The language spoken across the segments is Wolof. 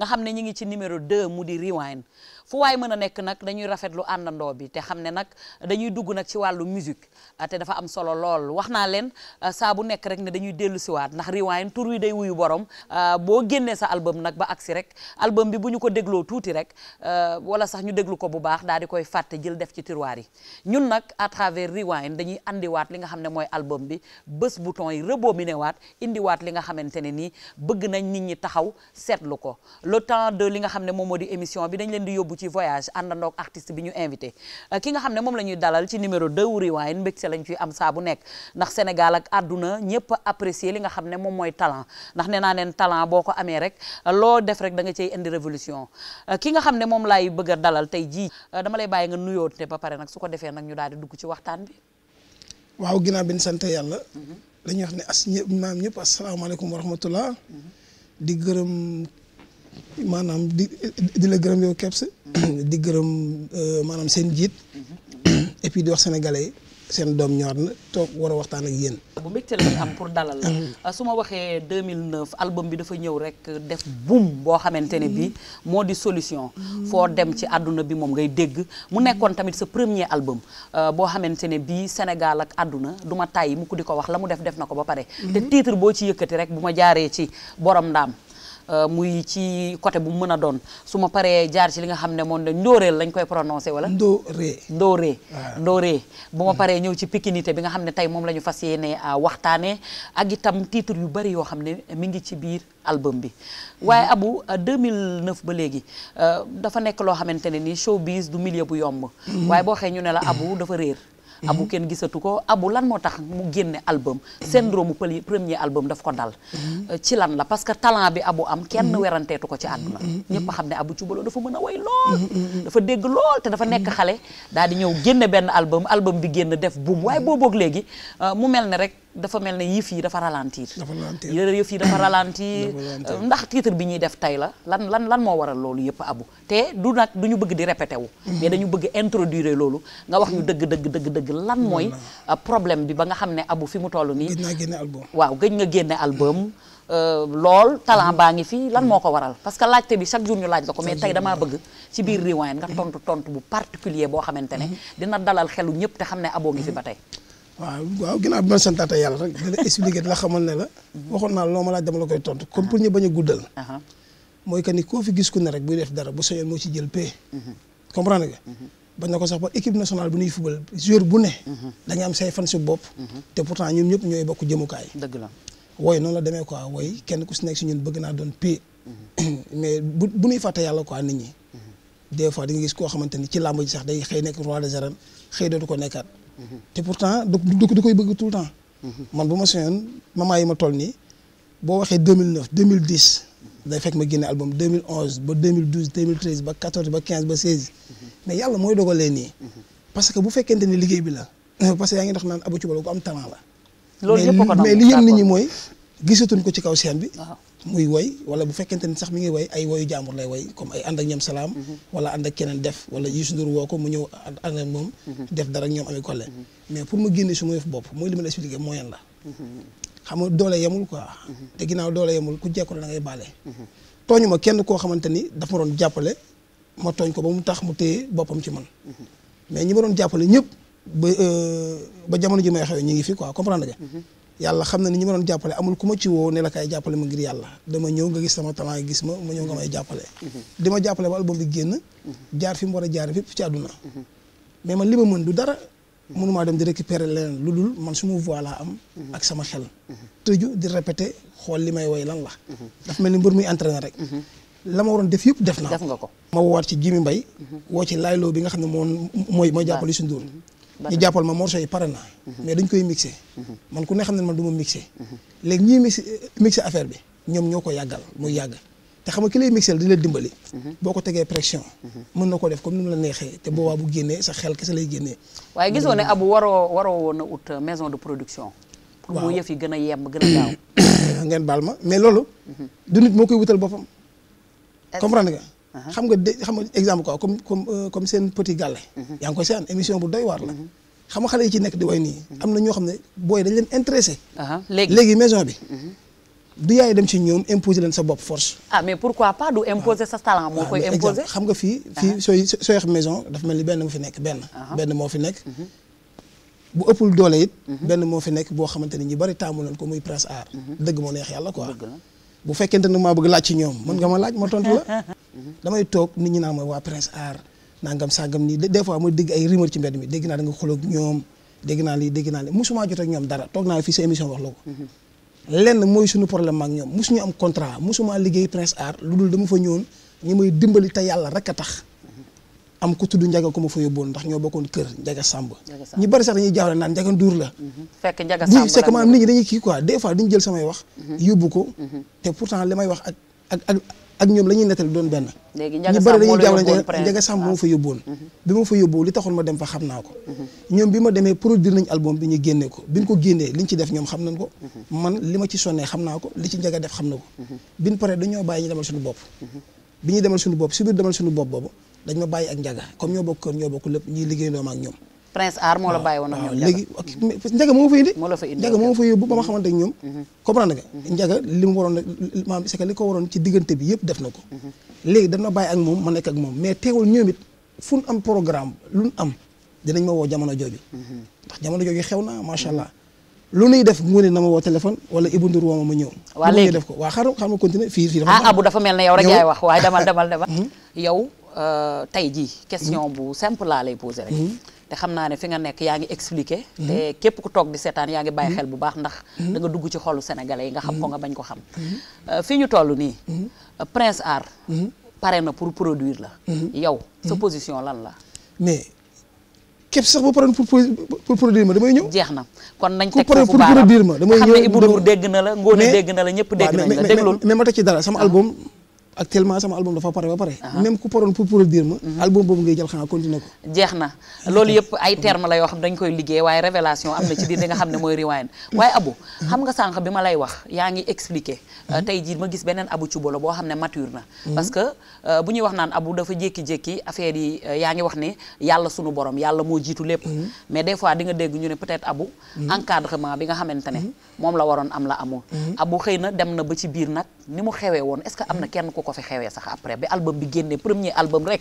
nga xam ne ñu ngi ci numéro 2 mu di rewind fu waay mën a nekk nag dañuy rafetlu àndandoo bi te xam ne nag dañuy dugg nag ci wàllu musique ah, te dafa am solo lool wax naa leen ah, saa bu nekk rek ne dañuy dellu siwaat ndax Rewind tuur wi day wuyu borom ah, boo génnee sa album nag ba agsi rek album bi bu ñu ko dégloo tuuti rek wala sax ñu déglu ko bu baax daal di koy fàtte jël def ci tiroir yi ñun nag à travers Rewind dañuy andiwaat li nga xam ne mooy album bi bés bouton yi rebobiner waat indiwaat li nga xamante ne nii bëgg nañ nit ñi taxaw seetlu ko le temps de li xam ne moom moo di bi dañ leen di yóbbu ci voyage àndandoog artiste bi ñu invité euh, ki nga xam ne moom la dalal ci numéro 2 wu Rewind mbégte lañ ciy am saa nekk ndax Sénégal ak àdduna ñëpp apprécier li nga xam ne moom mooy talent ndax nee naa leen talent boo ko amee rek loo def rek da nga cay révolution euh, ki nga xam ne moom laay bëgg a dalal tey jii euh, dama lay bàyyi nga nuyoote ba pare nag su ko defee nag ñu daal di dugg ci waxtaan bi waaw ginnaaw bi ñu sant yàlla mhm. dañuy wax ne as ñëpp maam ñëpp maanaam di di la gërëm yow Kebs di gërëm euh, maanaam seen jiit mm-hmm. et puis di wax sénégalais seen doom ñor na toog war waxtaan ak yéen. bu mbégte lañ am pour dalal la. Mm-hmm. Euh, su ma waxee 2009 album bi dafa ñëw rek def boum boo xamante ne bii mm-hmm. moo di solution. foo dem ci àdduna bi moom ngay dégg mu nekkoon tamit sa premier album euh, boo xamante ne bii Sénégal ak àdduna du ma tàyyi mukk di ko wax la mu def def na ko ba pare. te titre boo ci yëkkati rek bu ma jaaree ci borom ndaam. Euh, muy ci côté bu mu mën a doon su ma paree jaar ci li nga xam ne moom la ndóoreel lañ koy prononcé wala. ndóoree ndóoree. Ah. ndóoree bu ma hmm. paree ñëw ci pikinité bi nga xam ne tey moom la ñu fas yéene euh, waxtaanee ak itam titre yu bari yoo xam ne mi ngi ci biir album bi. waaye hmm. abu Abou euh, 2009 ba léegi dafa nekk loo xamante ne ni showbiz du milieu bu yomb. Hmm. waaye boo xee ñu ne la Abou dafa réer. Mmh. abu kenn gisatu ko abu lan moo tax mu génne album mmh. syndrome mu premier album daf ko dal mmh. euh, ci lan la parce que talent bi abu am kenn weranteetu ko ci àdduna ñëpp xam ne abu ci cubaloo dafa mën a way lool dafa dégg lool te dafa nekk xale daal di ñëw génne benn album album bi génn def buum waaye booboog léegi euh, mu mel ni rek dafa mel ne yëf yi dafa ralentir. dafa ralentir yëf yi dafa ralentir. ndax titre bi ñuy def tey la lan lan lan moo waral loolu yëpp abu te du nag du ñu bëgg di répété wu. Mhm. mais dañu bëgg introduire loolu. nga wax ñu dëgg dëgg dëgg dëgg lan mooy. Euh, problème bi ba nga xam ne abu fi mu toll nii. gëj naa génne waaw gëj nga génne album. Euh, lool talent mhm. baa ngi fii lan moo ko waral parce que laajte bi chaque jour ñu laaj la ko mais tey damaa bëgg ci biir mhm. Rewind nga tontu tontu bu particulier boo xamante ne dina dalal xelu ñëpp te xam ne aboo ngi fi ba tey waaw waaw ginnaaw bi ma santaate yàlla rek dina expliquer la xamal ne la. waxoon naa loo ma laaj dama koy tontu. kon pour ñu bañ guddal. mooy que ni koo fi gis ku ne rek buy def dara bu soñoon moo ci jël paie. Mhm. comprendre mhm. na ko sax ba équipe nationale bu ñuy fubal joueur bu ne. Mhm. da nga am say fan si bopp. te pourtant ñun ñëpp ñooy bokk jëmukaay. dëgg la wooy noonu la demee quoi wooy kenn ku si nekk si ñun bëgg naa doon paie. mais bu bu ñuy fàtte yàlla quoi nit ñi. des fois di gis koo xamante ni ci làmb ji sax day xëy nekk roi des arènes xëy dootu ko nekkaat. te pourtant du du koy bëgg tout le temps. man bu ma soñoon maman yi ma toll nii boo waxee 2009 2010 day fekk ma génne album 2011 ba 2012 2013 ba 14 ba 15 ba 16 mais yàlla mooy dogalee nii. parce bu fekkente ne liggéey bi la. parce yaa ngi tax naan Abou Thioubalo ku am talent la. mais li yëm nit ñi mooy. gisatuñ ko ci kaw seen bi. muy woy wala bu fekkente ni sax mi ngi woy ay woyu jàmbur lay woy comme ay ànd ak ñoom salaam. Mhm. wala ànd ak keneen def wala Youssou Ndour woo ko mu ñëw ànd ak moom. Mhm. def dara ak ñoom Ami Collé. Mhm. mais pour ma génne su ma yëf bopp mooy li ma la expliqué moyen la. xam nga doole yemul quoi. te ginnaaw doole yemul ku jekku la da ngay baale. tooñu ma kenn koo xamante ni dafa ma doon jàppale ma tooñ ko ba mu tax mu téye boppam ci man. mais ñi ma jàppale ñëpp ba euh, ba jamono ji may ñu ngi fi quoi comprendre yàlla xam na ni ñi ma doon jàppale amul ku ma ci woo ne la kaay jàppale ma ngir yàlla dama ñëw nga gis sama talent gis ma ma ñëw nga may jàppale mm-hmm. di ma jàppale ba album bi génn mm-hmm. jaar fi mu war a jaar fépp ci àdduna mm-hmm. mais man li ma mën du dara mënumaa dem di récupérer leneen lu dul man suma voix laa am ak sama xel tëju di répéter xool li may woy lan la daf mel ni mbër muy entraîné rek la ma waroon def yëpp def naa ko ma woowaat ci Jimi mbay woo ci laayloo bi nga xam ne moom mooy mooy jàppale Youssou Ndour ñu jàppal ma morceau yi pare na mhm. mais dañ koy mixé mhm. man ku ne xam ne man du ma mixé mhm. léegi ñuy mixé euh, mixé affaire bi ñoom ñoo ko yàggal muy yàgg te xam nga ki lay mixel di la dimbali boo ko tegee pression mën na ko def comme ni mu la neexee te boobaa bu génnee sa xel kese lay génnee waaye gisoo ne abu waroo waroo woon a ut euh, maison de production pour mu yëf yi gën a yemb gën a gaaw ngeen baal ma mais loolu du nit moo koy wutal boppam comprendre nga Uh-huh. xam nga de xam nga exemple comme comme euh, comme seen petit gàlle uh-huh. yaa bu doy waar uh-huh. xam nga ci nekk di way nii na ñoo xam ne booy dañ leen intéressé léegi maison bi du yaay dem ci ñoom imposer leen sa bopp force ah mais pourquoi pas du imposer sa talent moo xam nga fii fii sooy sooy maison dafa mel ni benn moo fi nekk benn benn moo fi nekk bu ëppul doole it benn moo fi nekk boo xamante ne ñu bari taamu leen ko muy presse art dëgg moo neex yàlla quoi bu fekkente ne maa bëgg laaj ci ñoom mën nga ma laaj ma tontu la damay toog nit ñi naan mooy waa Prince Art nangam nii des fois mooy dégg ay rumeur ci mbedd mi dégg naa da nga xuloo ñoom dégg naa lii dégg naa lii musuma jot ak ñoom dara toog naa fii sa émission wax la ko lenn mooy suñu problème ak ñoom musuñu am contrat musuma liggéey Prince Art lu dul dama fa ñëwoon ñi may dimbali te yàlla rek a tax am ku tudd njaga ku ma fa yóbboon ndax ñoo bokkoon kër njaga sàmb ñu bari sax dañuy jaawle naan njaga nduur la mhm. fekk njaga sàmb c'est que maanaam nit ñi dañuy kii quoi des fois dañu jël samay wax mhm. yóbbu ko mhm. te pourtant may wax ak ak ñoom la nettali doon benn ñu bëri dañuy jàpp ne Njaga Samb moo fa ah. yóbboon mhm. bi ma fa yóbboo li taxoon ma dem fa xam naa ko mhm. ñoom bi ma demee produire nañ album bi ñu génnee ko bi ñu ko génnee liñ ci def ñoom xam nañ ko mhm. man li ma ci sonnee xam naa ko li ci Njaga def xam na ko bi ñu paree dañoo bàyyi ñu demal suñu bopp bi ñuy demal suñu bopp si biir demal suñu bopp boobu dañ ma bàyyi ak Njaga comme ñoo bokk kër ñoo bokk lépp ñuy liggéey ndoom ak ñoom prince aar moo la ah, bàyyi woon ak ñoom léegi njaga moo ma fa indi moo la fa indi njaga moo ma fa yóbbu ba ma xamante ak ñoom mhm. comprendre nga mhm. njaga li mu waroon maanaam c'est que li ko waroon ci diggante bi yëpp def na ko mhm. léegi dana bàyyi ak moom ma nekk ak moom mais teewul ñoom it fu ñu am programme lu ñu am dinañ ma woo jamono jooju ndax jamono jooju xew na macha allah lu nuy def mu ne na ma woo téléphone wala Ibou Ndour woo ma ma ñëw waaw léegi def ko waa xaaral xaaral ma continuer fii fii ah Abou dafa mel ne yow rek yaay wax waaye demal demal demal yow euh, tey jii question bu simple laa lay poser rek te xam naa ne fi nga nekk yaa ngi expliqué mm-hmm. te képp ku toog di seetaan yaa ngi bàyyi xel bu baax ndax mm-hmm. da nga dugg ci xolu sénégalais yi nga xam ko mm-hmm. nga bañ ko xam euh, fi ñu toll nii Prince Art pare na pour produire la yow sa position lan la mais képp sax bu pare pour pour produire ma damay ñëw. jeex na kon nañ teg foofu baaraam ku xam ne Ibou dégg na la Ngoné dégg na la ñëpp dégg nañ la déglul mais ma teg ci dara sama ah. album actuellement sama album dafa pare ba pare. même ku paroon pour produire mhm. na loolu yëpp ay terme la yoo xam koy liggéey waaye révélation am na ci biir li nga xam ne mooy rewind waaye abu mhm. xam nga sànq bi ma lay wax yaa ngi expliquer. Mhm. tey jii ma gis beneen abu ci bolo boo xam ne mature na. parce que euh, bu ñuy wax naan abu dafa jékki-jékki affaire yi euh, yaa ngi wax ne yàlla sunu borom yàlla moo jiitu lépp. mais des fois di nga dégg ñu ne peut-être abu. encadrement bi nga xamante ne moom la waroon am la amul. abu xëy na dem na ba ci biir nag. ni mu xewee woon est-ce que am na kenn ku ko fi xewee sax après bi album bi génnee premier album rek.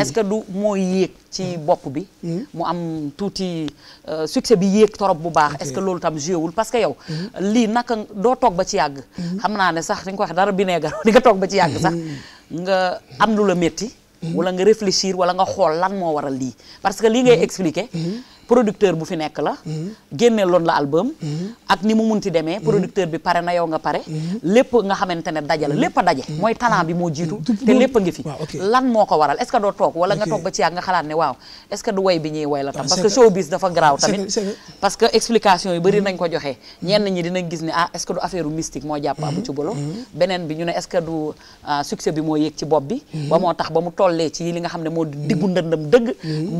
est-ce que du moo yéeg ci hmm. bopp bi. Hmm. mu am tuuti euh, succès bi yéeg torop bu baax. est que loolu tam joué wul parce que yow. Hmm. lii naka doo toog ba ci yàgg. xam naa ne sax ni nga ko waxee dara bineegar di nga toog ba ci yàgg sax nga am lu la métti. wala nga réfléchir wala nga xool lan moo waral lii parce que lii ngay expliquer. producteur bu fi nekk la mhm. génne loon la album mhm. ak ni mu mun munti demee mhm. producteur bi pare na yow nga pare lépp nga xamante ne daje la lépp a daje mooy talent bi moo jiitu te lépp a ngi fi lan moo ko waral doo toog wala nga toog ba ci yàgg nga xalaat ne waaw bi ñuy way la tam ah, parce que showbiz dafa parce que explication yu bari nañ ko joxe ñenn ñi dina gis ni ah est-ce que du affaire mystique moo jàpp abu ci bolo beneen bi ñu ne est-ce que du ah, succès bi moo yéeg ci bopp bi ba moo tax ba mu tollee ci li nga xam ne moo diggu ndëndam dëgg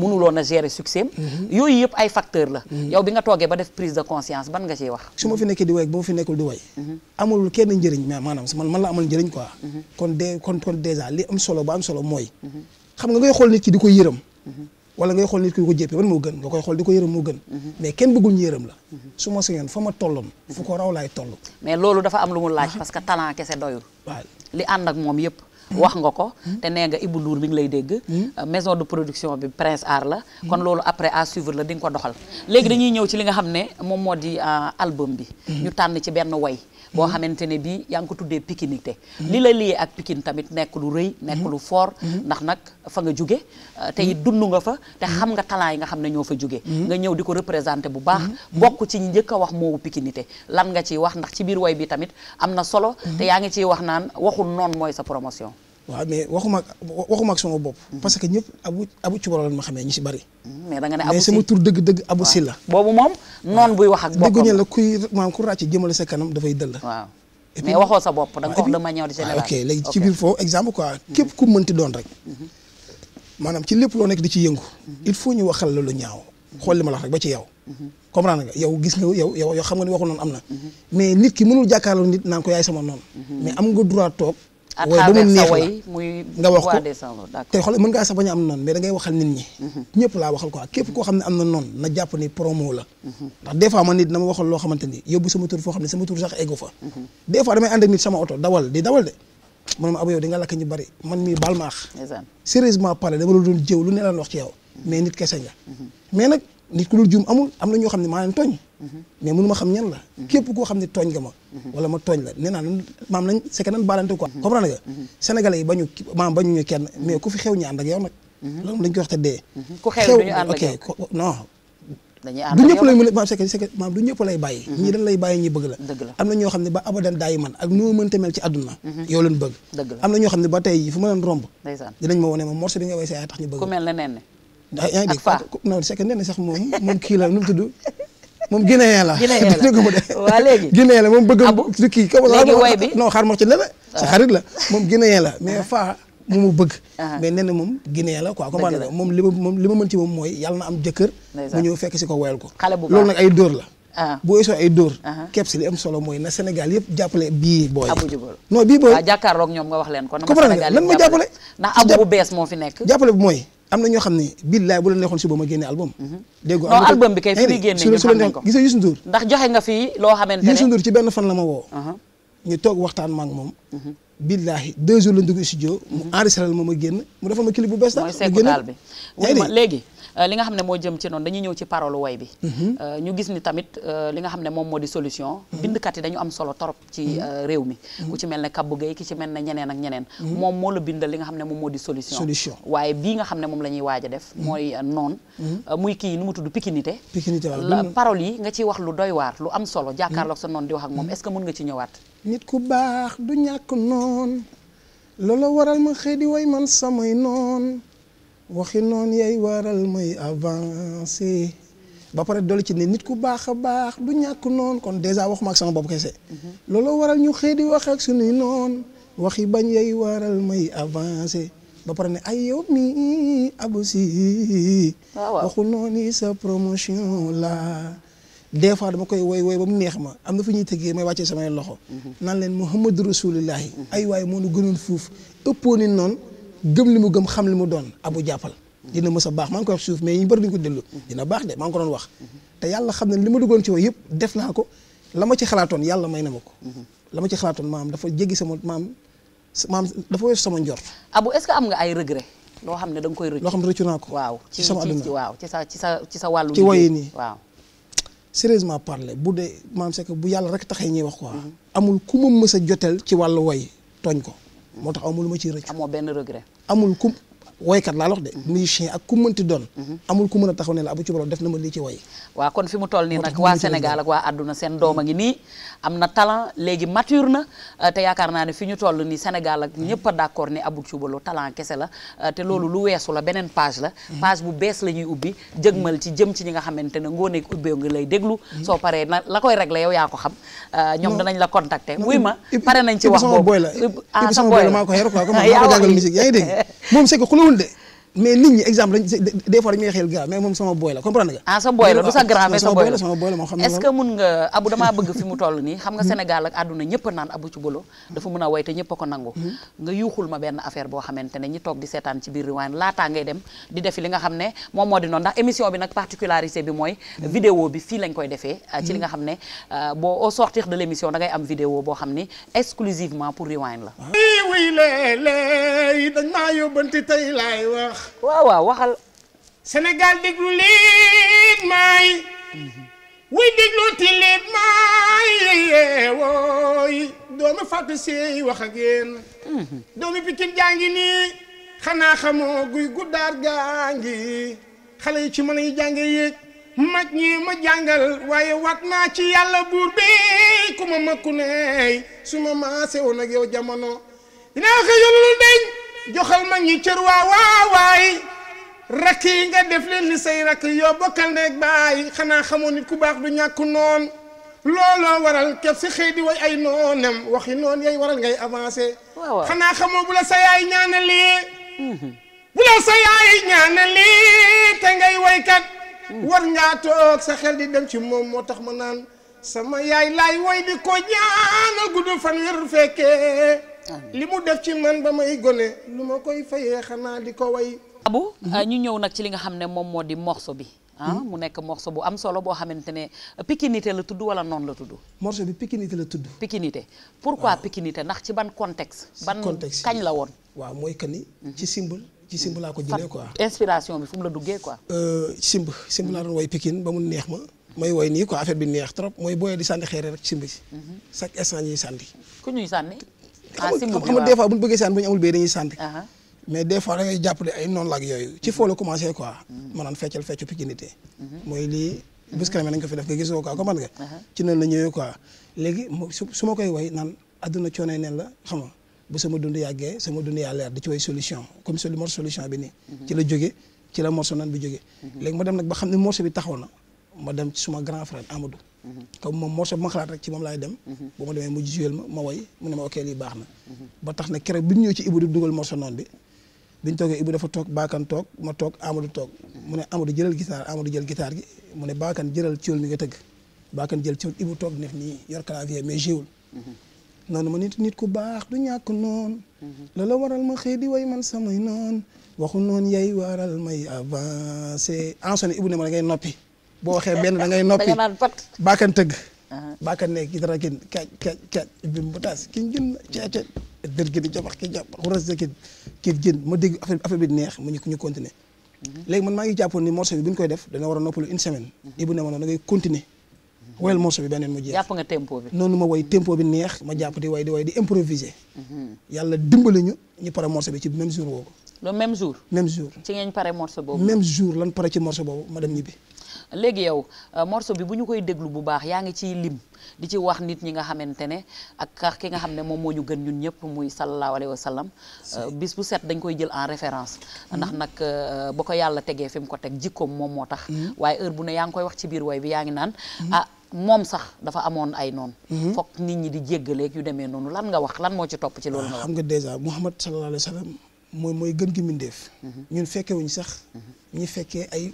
mënuloon a gérer succès yooyu yii yëpp ay facteur la mhm. yow bi nga toogee ba def prise de conscience ban nga ciy wax su ma fi nekkee di way ba ma fi nekkul di way mhm. amul kenn njëriñ mais man man la amal njëriñ quoi mhm. kon de kon kon dèjà li am solo ba am solo mooy xam nga ngay xol nit ki di ko yërëm wala ngay xool nit ki di ko jéppee ban moo gën nga koy xool di ko yërëm moo gën mais kenn bëggul ñu yërëm la su ma sañoon fa ma tolloon fu ko raw laay toll mais loolu dafa am lu mu laaj parce que talent kese doyul waaw li ànd ak moom yëpp wax nga ko te nee nga Ibou Ndour mi ngi lay dégg hmm. maison de production bi Prince Art la hmm. kon loolu après à suivre la di nga ko doxal léegi hmm. dañuy ñëw ci li nga xam ne moom moo di euh, album bi ñu tànn ci benn woy boo xamante ne bii yaa ngi ko tuddee pikinité li la liyee ak pikin tamit nekk lu rëy nekk lu foor ndax nag fa nga jóge euh, te it dund nga fa te xam nga talent yi nga xam ne ñoo fa jóge nga ñëw di ko représenté bu baax bokk ci njëkk a wax moowu pikinité lan nga ciy wax ndax ci biir way bi tamit am na solo yaa ngi ciy wax naan waxul noon mooy sa promotion waaw mais waxuma waxuma ak sama bopp. Mhm. parce que ñëpp abu abu ci borom la ma xamee ñu si bari. mais da ne abu si sama tur dëgg dëgg abu si la. boobu moom noonu buy wax ak. boppam dégguñu la kuy maanaam sa kanam dafay dëll. mais waxoo sa bopp da nga ko wax de manière générale. ok léegi ci biir foofu exemple quoi. Mhm. képp ku mënti doon rek. Mhm. maanaam ci lépp loo nekk di ci yëngu. il faut ñu wax waxal la lu ñaaw. xool li ma la wax ci yow. comprendre nga yow gis nga yow yow xam nga ni waxu noonu am na. mais nit ki mënul jàkkaarloo nit naan ko yaay sama noon mais am nga droit toog à travers sa way muy nga wax ko tey xool mën ngaa sax bañ a am noonu mais da waxal nit ñi mhm. ñëpp laa waxal quoi képp koo xam ne am na noonu na jàpp ni promo la mhm. ndax des fois man nit dama waxal loo xamante yóbbu sama tur foo xam ne sama tur sax eggu fa mhm. des damay ànd nit sama oto dawal di dawal de man ma ab yow di nga lakk ñu bari man mii baal maax sérieusement dama la doon jëw lu ne laan wax ci yow mais nit kese nga mais nag nit ku dul juum amul am na ñoo xam ne maa leen mais mënu ma xam ñan la képp koo xam ne tooñ nga ma wala ma tooñ la nee naa nan maam nañ c'est que nan baalante quoi yi bañu maam bañu ñu ku fi xew dee ku xew duñu ànd ak yow ok non du ñëpp lay a c'est que am na ñoo xam ne ba abadan daayi man ak noo mel ci àdduna mhm. yow leen bëgg am na ñoo xam ne ba tey fu ma leen romb dinañ ma wone ma morceau bi nga way sa ñu bëgg ku mel ne nen ak fa non c'est que nen sax moom moom kii la nu mu tudd moom guinéen la dégg ko mu de moom bëgg su kii ko way bi non xaar moo ci la ah. sa xarit la moom guinéen la mais ah. faa mu mu bëgg ah. mais nee na moom guinéen la quoi comprendre nga moom li ma moom li ma mën ci moom mooy yàlla na am jëkkër mu ñëw fekk si ko woyal ko loolu nag ay dóor la boo soo ay dóor kepp si li am solo mooy na Sénégal yëpp jàppale bii booy abu jubal non bii booy jàkkaarloog ñoom wax leen ko comprendre nga lan ma jàppale ndax abu bu bees moo fi nekk jàppale bu mooy am na ñoo xam ne billaay bu la neexoon suba ma génne album. Mhm. dégg nga non album bi kay fi muy génne ñun xam nañ ko gisee Youssou Ndour. ndax joxe nga fi loo xamante ne Youssou Ndour ci benn fan la ma woo. Uh-huh. ñu toog waxtaan ma moom. Uh-huh. billahi deux jours la ñu dugg studio. mu uh-huh. enregistré ma ma génn mu dafa ma clip bu bees. mooy seku taal bi mu génn léegi. Euh, li nga xam ne moo jëm ci noonu dañuy ñëw ci parole way bi mhm. euh, ñu gis ni tamit euh, li nga xam ne moom moo di solution mhm. bindkat yi dañu am solo torop ci mhm. réew mi ku ci mel ne Kabou Gueye ki ci mel ne ñeneen ak ñeneen moom moo la bindal li nga xam ne moom moo di solution waaye bii nga xam ne moom la ñuy waaj a def mooy noon muy kii nu mu tudd pikinité parole yi nga ciy wax lu doy waar lu am solo jàkkaarloog sa noon di wax ak moom est-ce que mën nga ci ñëwaat nit ku baax du waxi noon yay waaral may avancé ba pare dolli ci ne nit ku baax a baax du ñàkk noonu kon dèjà waxuma ak sama bopp kese. looloo waral ñu xëy di wax ak suñuy noonu waxi bañ yay waaral may avancé ba pare ne ay yow mi abu si. Ah, waxu noonu yi sa promotion la des fois dama koy woy woy ba mu neex ma am na fu ñuy tëggee may wàccee samay loxo. Mhm. nan leen Muhammadu Rasulillahi. Mhm. ay waaye moo nu gënoon fuuf ëppoon ni noonu. gëm li mu gëm xam li mu doon abu jàppal dina mës a baax maa ngi koy wax suuf mais ñu bëri duñ ko déglu dina baax de maa ngi ko doon wax te yàlla xam ne li ma duggoon ci woy yëpp def naa ko la ma ci yàlla may na ko la ma xalaatoon maam dafa jéggi sama maam maam dafa weesu sama njort abu est-ce que am nga ay regret loo xam ne danga koy rëcc loo xam ne rëccu naa ko waaw ci sama àdduna waaw ci sa ci sa ci sa wàllu ci woy nii waaw sérieusement parler bu dee maam c'est que bu yàlla rek taxee ñuy wax quoi amul ku ma mës a jotel ci wàllu woy tooñ ko moo tax amul ma ciy rëcc. amoo benn regret. amul ku woykat laa wax de musicien ak ku mënti doon mhm. amul ku mën a taxaw ne la Abou Thioubalo def na ma lii ci woy waaw kon fi mu toll nii nag waa Sénégal ak waa àdduna seen doom a ngi nii am na talent léegi mature na euh, te yaakaar naa ne fi ñu toll nii Sénégal ak ñëpp a d'accord ni Abou Thioubalo talent kese la euh, te loolu lu weesu la beneen page la mhm. page bu bees la ñuy ubbi jëgmal ci jëm ci ñi nga xamante ne ngoonee ubbee nga lay déglu mhm. soo paree na la koy régler yow yaa xam euh, ñoom la contacter wuy ma pare nañ ci wax boobu sama boy ko yor ñëwul de mais nit ñi exemple lañ des fois dañ may xel grand mais moom sama boy la comprendre nga. ah sa boy la du sa grand mais sa boy la sama boy la moo xam ne est-ce que mun nga Abou damaa bëgg fi mu toll nii xam nga Sénégal ak àdduna ñëpp a naan Abou Thioubalo dafa mën a woy te ñëpp a ko nangu mhm. nga yuuxul ma benn affaire boo xamante ne ñi toog di seetaan ci biir Rewind laataa ngay dem di defi li nga xam ne moom moo di noonu ndax émission bi nag particularité bi mooy mhm. vidéo bi fii lañ koy defee euh, ci li nga xam ne mhm. euh, boo au sortir de l'émission da ngay am vidéo boo xam ni exclusivement pour Rewind la wuy léeg-léeg dañ maa yóbbanti tey laay wax wax. waaw waaw waxal. Sénégal déglu liit maay. wuy déglu ti liit maay doomu Fatou Seye wax doomu Pikine jaa ngi nii. xanaa xamoo guy guddaar gaa ngi xale yi ci mën a jànge yéeg. mag ñi ma jàngal waaye wat naa ci yàlla buur bi ku ma makku ney su ma maase woon ak yow jamono dinaa xëy lu deñ joxal ma ñi cër waa waawaay rakk yi nga def leen ni say rakk yoo bokkal neeg baay xanaa xamoo nit ku baax du ñàkk noon looloo waral képp si xëy di way ay noonam waxi noon yay waral ngay avancé xanaa xamoo bu la sa yaay ñaanalee mhm. bu la sa yaay ñaanalee te ngay waykat mhm. war ngaa toog sa xel di dem ci moom moo tax ma naan sama yaay lay way di ko ñaanal gudd fan wér fekkee li mu def ci man ba may gone lu ma koy fayee xanaa di ko way abu ah, ñu ñëw nag ci li nga xam ne moom moo di morso bi ah hmm? mu nekk morceau bu am solo boo xamante ne pikinité la tudd wala noonu la tudd morceau bi pikinité la tudd pour pourquoi pikinité ndax ci ban contexte ban contexte kañ la woon waaw mooy que ni hmm. ci simbal ci simb laa ko jëlee quoi inspiration bi fu la duggee quoi euh, simb simb laa doon way Pikine ba mu neex ma may woy nii ko affaire bi neex trop mooy booyee di sànni xeere rek simb si hmm. chaque instant ñuy sànni ku xam nga ah, des fois bu ñu bëggee sant bu ñu amul bee dañuy sant mais des fois da ngay jàppale ay noonu la ak yooyu ci foo la commencé quoi mm. maanaam feccal feccu pikinité mm-hmm. mooy lii bés kanam nañ ko fi def nga gis ko quoi comprendre nga ci noonu la ñëwee quoi léegi su ma koy way naan adduna coono neen la xam nga bu sama dund yàggee sama dund yaa di ci way solution comme solu morceau solution bi nii mm-hmm. ci la jóge ci la morceau nan bi jóge mm-hmm. léegi ma dem nag ba xam ne morceau bi taxaw na ma dem ci suma grand frère Amadou comme moom morceau bi ma xalaat rek ci moom laay dem bu ma demee mu juyel ma ma woy mu ne ma ok lii baax na ba tax na keroog bi ñu ñëw ci Ibou dugal morceau noonu bi biñ toogee Ibou dafa toog Baakan toog ma toog Amadou toog mu ne Amadou jëlal guitare Amadou jël guitare gi mu ne Baakan jëlal ciol mi nga tëgg Baakan jël ciol Ibou toog def nii yor clavier mais jiwul noonu ma nit nit ku baax du ñàkk noonu la waral ma xëy di way man samay noonu waxu noon yay waral may avancé en sonné Ibou ne ma da noppi boo waxee benn da ngay noppi baakan tëgg ah. baakan ne ki dara gën kaaj kaaj ki gën ceece dër gën di jobax ki jobax xuras kin ki gën ma dégg affaire bi neex mu ñu ñu continuer mhm. léegi man maa ngi jàppoon ni morceau bi bu ñu koy def dana war a noppalu une semaine ibu ne ma noonu nga tempo bi noonu ma woy tempo bi neex ma jàpp di way di way di improviser mhm. yàlla dimbali ñu ñu pare morceau bi ci même jour woowu le même jour lan pare ci morceau boobu ma dem ñibbi léegi yow euh, morceau bi bu ñu koy déglu bu baax yaa ngi ci lim di ci wax nit ñi nga xamante ne ak ki nga xam ne moom moo ñu gën ñun ñëpp muy sallallahu alayhi wa sallam euh, bis bu set dañ koy jël en référence mm-hmm. ndax nag euh, ba ko yàlla tegee fi mu ko teg jikkoom moom moo tax mm-hmm. waaye heure bu ne yaa ngi koy wax ci biir way bi yaa ngi naan mm-hmm. ah moom sax dafa amoon ay noonu fokk nit ñi di jéggaleeg yu demee noonu lan nga wax lan moo ci topp ci loolu nga wax xam nga dèjà Muhammad sallallahu alayhi wa mooy gën gi mindeef ñun fekkewuñ sax ñi fekkee ay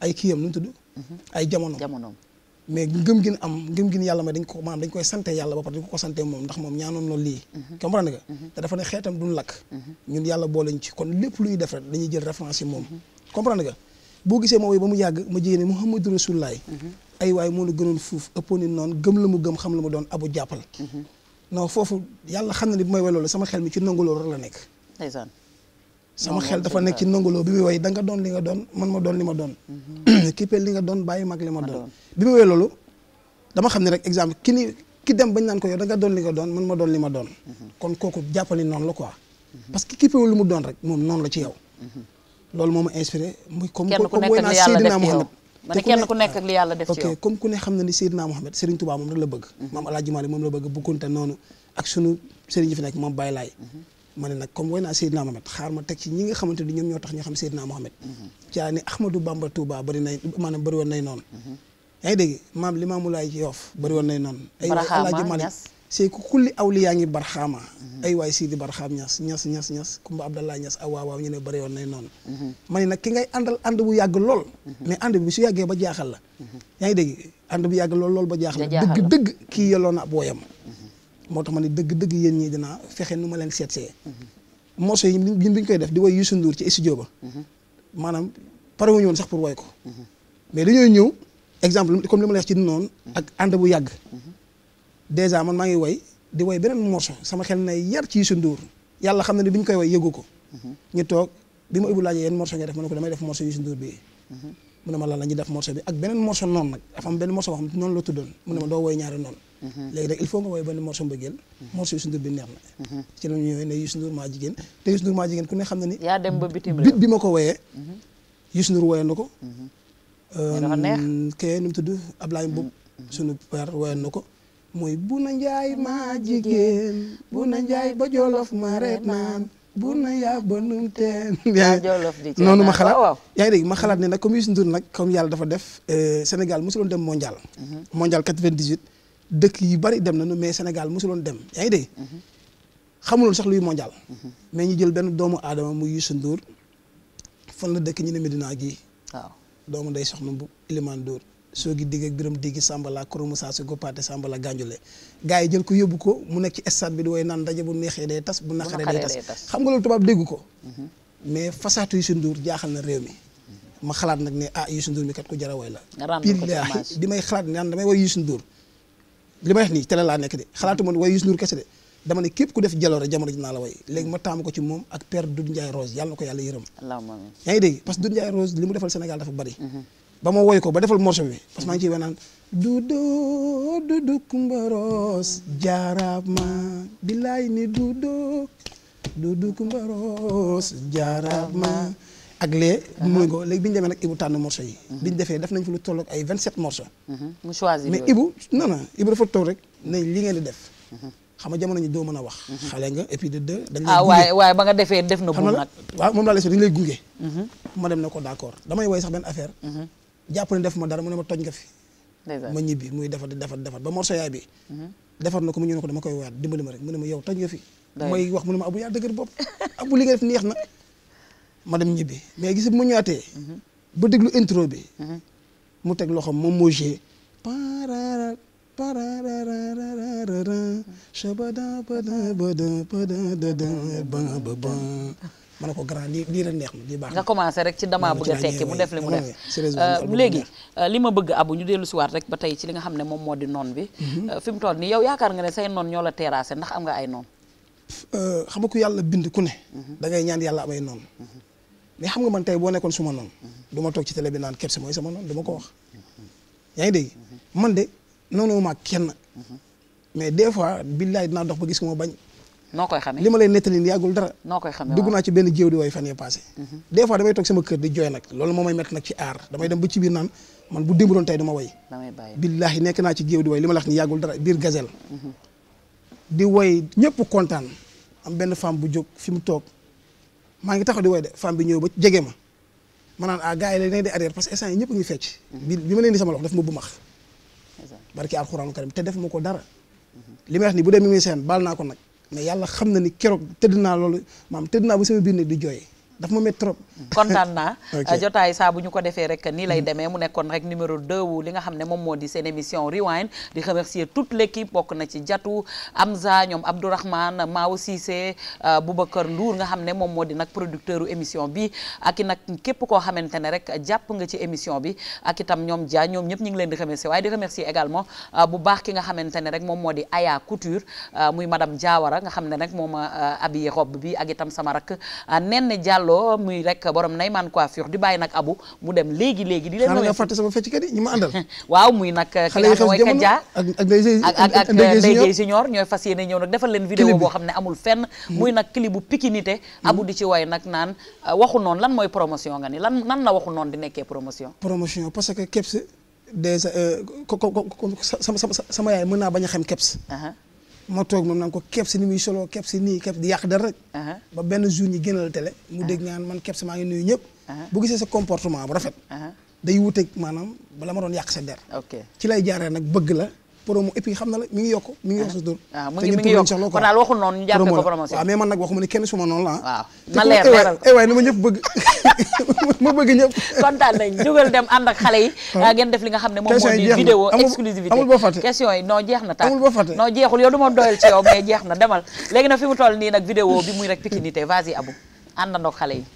ay kiyam lu ñu tudd mhm. ay jamono jamonoom mais ngëm gin am ngëm gin yàlla ma dañ ko maanaam dañ koy sante yàlla ba pare dañ ko sante moom ndax moom ñaanoon loolu lii mhm. comprendre nga mhm. te dafa ne xeetam duñ lakk ñun yàlla boolañ ci kon lépp luy def rek dañuy jël référence moom comprendre nga boo gisee moo woy ba mu yàgg ma jigéen ne Muhammadu Rasulullaay ay waay moo la gënoon fuuf ëppoon ni noonu gëm la mu gëm xam la mu doon abu jàppal non foofu yàlla xam na ni bu may way sama xel mi ci nangu loolu rek la nekk sama xel dafa nekk ci nangaloo bi muy woy da nga doon li nga doon man ma doon li ma doon mm-hmm. kippeel li nga doon bàyyi mag li ma doon bi muy woy loolu dama xam ne rek exemple ki ni ki dem bañ naan ko yow da doon li nga doon man ma doon li ma doon mm-hmm. kon kooku jàppali noonu la quoi mm-hmm. parce que kippewul lu mu doon rek moom noonu la ci yow loolu moo ma inspiré muy comme comme woy naa Seydina Mohamed te kenn ku nekk ak li yàlla ku ne xam na ni Seydina Mohamed Serigne Touba moom rek la bëgg maam Alaaji Maalik moom la bëgg bu Kunta noonu ak sunu Serigne fi nekk moom Baye Laay ma ne nag comme woy naa Seydina Mohamed xaar ma teg ci ñi nga xamante ni ñoom ñoo tax ñu xam Seydina Mohamed mhm. caa ni Ahmadou Bamba Touba bëri na maanaam woon nay noonu mhm. yaa ngi dégg maam Limaamu Laay bëri woon nay noonu ay Alaaji Malik c'est ku kulli awliyaa ngi barxaama mhm. ay waay Sidi barxaam ñas ñas ñas ñas Kumba Abdallah ñas aw waaw waaw ñu ne bëri woon nay noonu ma ne nag ki ngay àndal ànd bu yàgg lool mais ànd bi su yàggee ba jaaxal la yaa ngi dégg ànd bu yàgg lool lool ba jaaxal la dëgg dëgg kii yelloon na ab woyam moo tax ma ne dëgg dëgg yéen ñi dinaa fexe nu ma leen seetsee morceau yi ñun bi ñu koy def di woy Youssou nduur ci studio ba maanaam pare wuñu woon sax pour woy ko mais dañooy ñëw exemple comme li ma la wax ci noonu ak ànd bu yàgg dèjà man maa ngi woy di woy beneen morceau sama xel nay yar ci Youssou Ndour yàlla xam na ne bi ko ñu toog bi def ma ne ko damay def morceau Youssou Ndour bi mu ne ma lan la ñuy def morceau bi ak beneen morceau noonu nag dafa benn morceau boo xam noonu la tuddoon mu ne ma doo woy ñaari noonu Mm-hmm. léegi nag il faut nga woy benn morceau mbëggeel mm-hmm. morceau Youssou Ndour bi neex na mm-hmm. ci la ñu ñëwee ne Youssou maa jigéen te Youssou Ndour maa jigéen ku ne xam na ni yaa dem ba bitim réew bit bi ma ko na ko euh, nu mu tudd Ablaye Mboub suñu père na ko mooy bu na njaay maa jigéen na njaay ba jolof ma reet naan bu na yaa ba num teen noonu ma xalaat oh, yaa ngi dégg ma xalaat ne nag comme Youssou Ndour nag comme yàlla dafa def euh, Sénégal mosuloon dem mondial mondial 98 dëkk yu bari dem na nu mais Sénégal mosuloon dem yaa ngi dégg. Mhm. xamuloon sax luy mondial. Mhm. mais ñu jël benn doomu aadama muy Youssou Ndour fan la dëkk ñu ne Medina gi doomu day soxna bu Iliman Ndour. soo gi digg ak biram diggi Sambala Koro Moussa su sàmba Sambala Ganjule gaa yi jël ko yóbbu ko mu nekk ci stade bi di woy naan ndaje bu neexee day tas bu naqaree day tas xam nga loolu tubaab dégg ko. Mhm. mais façaatu Youssou Ndour jaaxal na réew mi. ma xalaat nag ne ah Youssou Ndour mi kat ku jar a la. nga rànd ko ci image bi may xalaat naan li ma wax nii télé laa nekk de xalaatu man way Youssou Ndour kese de dama ne képp ku def jaloore jamono ji naa la way léegi ma taamu ko ci moom ak père Doudou Ndiaye Rose yàlla na ko yàlla yërëm yaa ngi dégg parce que Doudou Ndiaye Rose li mu defal mhm. ba ma woy ko ba defal morceau bi parce que maa Rose jaaraab ma ak lee uh-huh. mooy nga léegi bi ñu demee nag Ibou tànn morceau yi uh-huh. bi ñu defee def nañ fi lu toll ay vingt sept morceau uh-huh. mais Ibou non non dafa toog rek nañ li ngeen di def xam nga ñi doo mën a wax xale nga et puis de deux dañ ah, waaye ba nga defee def na buum ma dara mu ne ma toj nga fi ma ñibbi muy defar di defar defar ba morceau yaay bi defar na ko mu ñu ne ko dama koy woyaat dimbali ma rek mu ne ma yow toj nga fi may wax mu ne ma abu yaa dëgër ma dem ñibbi mais gis mu ñëwaatee. ba déglu intro bi. Mhm. mu teg loxo moom moo gée. parara parararararara shabada bada bada bada ko grand lii la neex ma lii baax nga commencé rek ci damaa bëgg a tekki mu def li mu def ah euh, léegi euh, li ma bëgg abu ñu dellu siwaat rek ba tey ci li nga xam ne moom moo di noon bi mhm. euh, fi mu toll ni yow yaakaar nga ne say noon ñoo la terrassé ndax am nga ay noon xam nga ku yàlla bind ku ne mhm. da ngay ñaan yàlla am ay noon mais xam nga man tey boo nekkoon su ma noonu du ma toog ci tele bi naan kersi mooy sama noonu du ma ko wax yaa ngi dégg man de noonu ma kenn mais des fois billaay dinaa dox ba gis ko ma bañ noo koy xamee li ma lay nettali nii yàggul dara noo koy xamee dugg naa ci benn géew di way fan yee passé mhm. des fois damay toog sama kër di jooy nag loolu moo may mett nag ci aar damay dem ba ci biir naan man bu démb doon tey du ma way billaay nekk naa ci géew di way li ma la wax ni yàggul dara biir gazelle mhm. di way ñëpp kontaan am benn femme bu jóg fi mu toog maa ngi taxaw di way de femme bi ñëw ba jege ma ma naan ah gars yi dañu di arrière parce que instant yi ñëpp ngi fecc. Mhm. bi ma leen di sama loxo daf ma bu max. barki alxuraanu karim te def ma ko dara. li may wax ni bu dee mi ngi seen baal naa ko nag mais yàlla xam na ni keroog tëdd naa loolu maam tëdd naa bu sama biir nag di jooy daf ma métti trop kontaan naa euh, jotaay saa bu ñu ko defee rek nii lay demee mu nekkoon rek numéro 2 wu li nga xam ne moom moo di seen émission Rewind di remercier toute l'équipe bokk na ci Jatou Amza ñoom Abdourahmane Mao Cissé euh, Boubacar Ndour nga xam ne moom moo di nag producteur émission bi ak i nag képp koo xamante ne rek jàpp nga ci émission bi ak itam ñoom jaa ñoom ñëpp ñu ngi leen di remercier waaye di remercier également euh, bu baax ki nga xamante ne rek moom moo di Aya Couture muy madame Diawara nga xam ne rek moom a habillé robe ak itam sama rak Nene Diallo muy fekk borom Nayman coiffure di bàyyi nag abu mu dem léegi léegi di leen xanaa nga fàtte sama fecckat yi ñi ma àndal waaw muy nag kiawoykat dia ak ak Ndeye Gueye ñooy fas yéene ñëw nag defal leen vidéo boo xam ne amul fenn muy nag clip bu pikinité hmm. abu di ci way nag naan euh, waxu noon lan mooy promotion nga ni lan nan na waxu noon di nekkee promotion promotion parce que keps déjà euh, ko ko sama sama sama yaay mën naa bañ a xam keps uh-huh. ma toog ma naan ko Kebs ni muy solo Kebs nii Kebs di yàq dara rek. ba benn jour ñi génnal télé. mu dégg ñaan man Kebs maa ngi nuyu ñëpp. bu gisee sa comportement bu rafet. day wuteeg maanaam bala ma doon yàq sa der. ci lay jaaree nag bëgg la. promo et puis xam na la mi ngi yokk mi ngi yokk sa dóor ah, ah, te ñun tur soxla ko daal waxul noonu ñu jàppee ko promotion waaw mais na ah. leer eh, leeral ko eh, waaye ni ma bëgg ma bëgg ñëpp kontaan nañ jógal dem ànd ak li nga xam ne moom moo di vidéo exclusivité amul boo fàtte question yi non jeex na tàkk amul boo fàtte non jeexul yow du ma doyal yow mais jeex na demal léegi nag fi mu toll nii nag vidéo bi muy rek pikinité vas-y Abou àndandoog xale yi